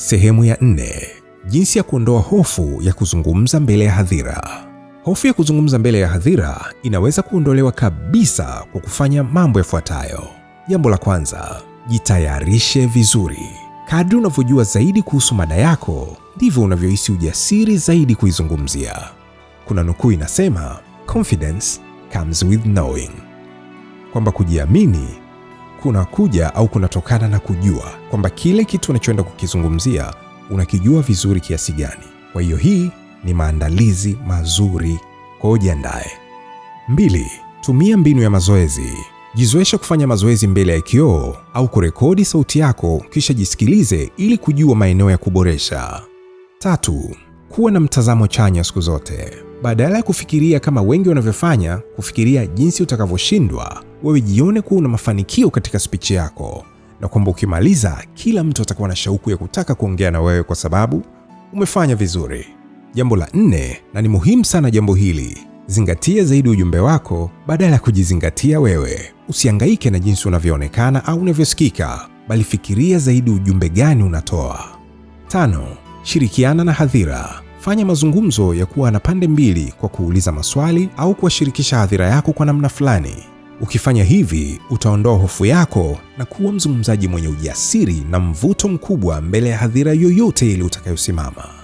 Sehemu ya nne: jinsi ya kuondoa hofu ya kuzungumza mbele ya hadhira. Hofu ya kuzungumza mbele ya hadhira inaweza kuondolewa kabisa kwa kufanya mambo yafuatayo. Jambo la kwanza, jitayarishe vizuri. Kadri unavyojua zaidi kuhusu mada yako, ndivyo unavyohisi ujasiri zaidi kuizungumzia. Kuna nukuu inasema, confidence comes with knowing, kwamba kujiamini kunakuja au kunatokana na kujua kwamba kile kitu unachoenda kukizungumzia unakijua vizuri kiasi gani. Kwa hiyo hii ni maandalizi mazuri, kwa ujiandae. Mbili, tumia mbinu ya mazoezi. Jizoeshe kufanya mazoezi mbele ya kioo au kurekodi sauti yako kisha jisikilize ili kujua maeneo ya kuboresha. Tatu, kuwa na mtazamo chanya siku zote. Badala ya kufikiria kama wengi wanavyofanya, kufikiria jinsi utakavyoshindwa wewe jione kuwa una mafanikio katika spichi yako, na kwamba ukimaliza, kila mtu atakuwa na shauku ya kutaka kuongea na wewe kwa sababu umefanya vizuri. Jambo la nne, na ni muhimu sana jambo hili, zingatia zaidi ujumbe wako badala ya kujizingatia wewe. Usihangaike na jinsi unavyoonekana au unavyosikika, bali fikiria zaidi ujumbe gani unatoa. Tano, shirikiana na hadhira. Fanya mazungumzo ya kuwa na pande mbili kwa kuuliza maswali au kuwashirikisha hadhira yako kwa namna fulani. Ukifanya hivi utaondoa hofu yako na kuwa mzungumzaji mwenye ujasiri na mvuto mkubwa mbele ya hadhira yoyote ile utakayosimama.